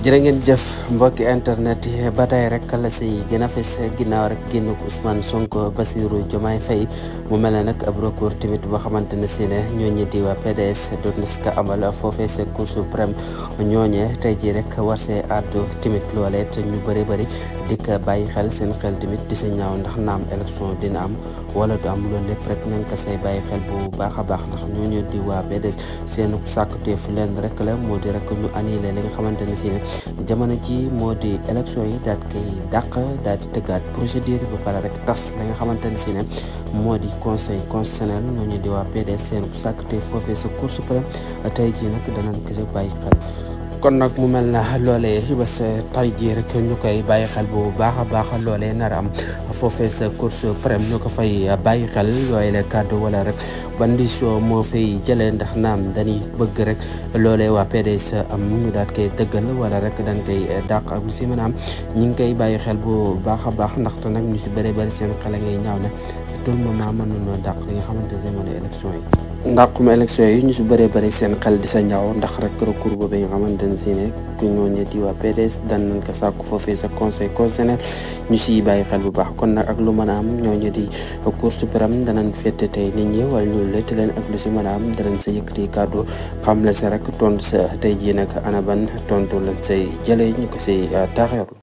jërë jëf mbokki internet yi bataay rek la si gën a fes ginnaaw rek génnug Ousmane Sonko Bassirou Diomaye fay mu mel ne nag ab record timit boo xamante ne si ne ñoo di waa PDS doon na ska ko amal foofee sa Cour suprême ñooñe tey ji rek war see àddu tamit loolee te ñu bëri bëri di ko bàyyi xel seen xel timit di sa ñaaw ndax naam élection dina am wala du am loolu lépp rek ñan say bàyyi xel bu baax baax ndax di waa PDS seen fu rek la moo di rek ñu annulé li nga xamante ne ne jamono ji moo di élection yi daal koy dàq daal di tëggaat procédure ba pare rek tas la nga xamante ne si ne moo di conseil constitutionnel ñooñu di waa PDS seen te foofee sa cour suprême tey jii nag danañ ko bàyyi xel kon nag mu mel na loole loolee bés tay jii rek ñu koy bàyyi xel bu baax a baax loole nar am foofe sa course prem ñu ko fay bàyyi xel yooyu la kàddu wala rek ban moo fay jëlee ndax naam dañuy bëgg rek loolee waa PDS am ñu daat koy dëggal wala rek dan koy dàq ak si mën am ñu ngi koy bàyyi xel bu baax a baax ndaxte nag ñu si bëree bëri seen xel ngay ñaaw na tout le moment mën nañoo dàq li nga xamante ne moo di élection yi. ndàquma yi ñu si bëree bëri seen xel di sa ñaaw ndax rek recours boobu nga xamante ne si ne ku ñooñu di waa PDS dan nañ ko sàkku foofee sa conseil constitutionnel ñu siy bàyyi xel bu baax kon nag ak lu mën a am ñooñu di cour suprême danañ fette tey nit ñi wala ñu lett leen ak lu si mën a am danañ sa yëkkati kàddu xam la sa rek tontu sa tey jii nag ana ban tontu lañ say jëlee ñu ko say taaxeerlu.